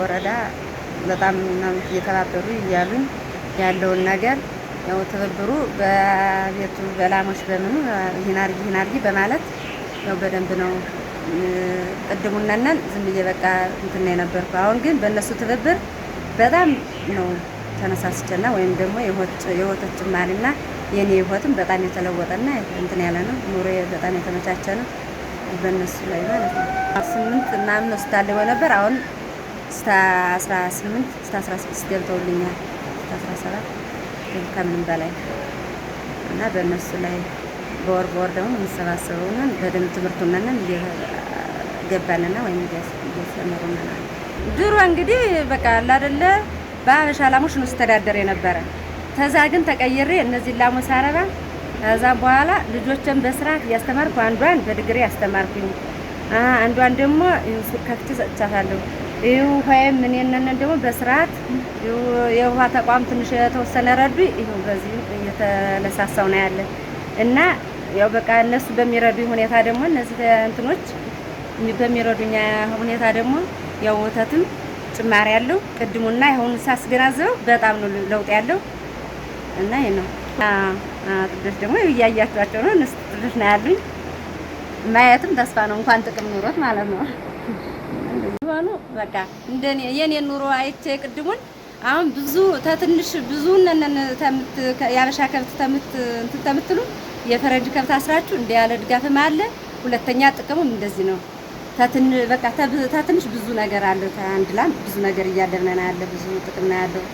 ወረዳ በጣም ነው እየተባበሩ እያሉን ያለውን ነገር ያው ትብብሩ በቤቱ በላሞች በምኑ ይህን አድርጊ ይህን አድርጊ በማለት ያው በደንብ ነው ቅድሙነነን ዝም ብዬ በቃ እንትን የነበርኩ። አሁን ግን በእነሱ ትብብር በጣም ነው ተነሳስቸና ወይም ደግሞ የወተት ጭማሪና የኔ ህይወትም በጣም የተለወጠና እንትን ያለ ነው። ኑሮ በጣም የተመቻቸ ነው በእነሱ ላይ ማለት ነው። ስምንት ምናምን ወስዳለሁ ነበር አሁን እስከ 18 እስከ 16 ገብተውልኛል። እስከ 17 ግን ከምንም በላይ እና በእነሱ ላይ በወር በወር ደግሞ የምንሰባሰበውን በደንብ ትምህርቱነንን እየገባንና ወይም እየሰመሩንና ድሮ እንግዲህ በቃ ላደለ በሀበሻ ላሞች ነው ስተዳደር የነበረ። ተዛ ግን ተቀይሬ እነዚህ ላሞች ሳረባ ከዛ በኋላ ልጆችን በስርዓት እያስተማርኩ አንዷን በድግሬ አስተማርኩኝ አንዷን ደግሞ ከፍቼ ሰጥቻታለሁ። ይህ ውሃዬም ምን የነነን ደግሞ በስርዓት የውሃ ተቋም ትንሽ የተወሰነ ረዱ። ይኸው በዚህ እየተነሳሳው ነው ያለን እና ያው በቃ እነሱ በሚረዱ ሁኔታ ደግሞ እነዚህ እንትኖች በሚረዱኛ ሁኔታ ደግሞ ያው ወተትም ጭማሪ ያለው ቅድሙና ይሁን ሳስገናዝበው በጣም ነው ለውጥ ያለው እና ይሄ ነው። ጥዶች ደግሞ እያያቸዋቸው ነው። እነሱ ጥዶች ነው ያሉኝ። ማየትም ተስፋ ነው እንኳን ጥቅም ኑሮት ማለት ነው። ሆኑ በቃ እንደኔ የኔን ኑሮ አይቼ ቅድሙን አሁን ብዙ ተትንሽ ብዙ ነነን ተምት ያበሻ ከብት ተምት እንትን ተምትሉ የፈረንጅ ከብት አስራችሁ እንደ ያለ ድጋፍም አለ። ሁለተኛ ጥቅሙም እንደዚህ ነው። ተትን በቃ ተትንሽ ብዙ ነገር አለ። አንድ ላም ብዙ ነገር እያደረግን ነው ያለ ብዙ ጥቅም ነው ያለው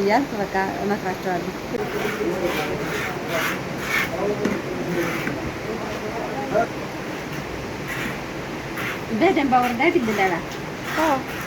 እያልኩ በቃ እመክራቸዋለሁ። बेदम पावर द्या की हो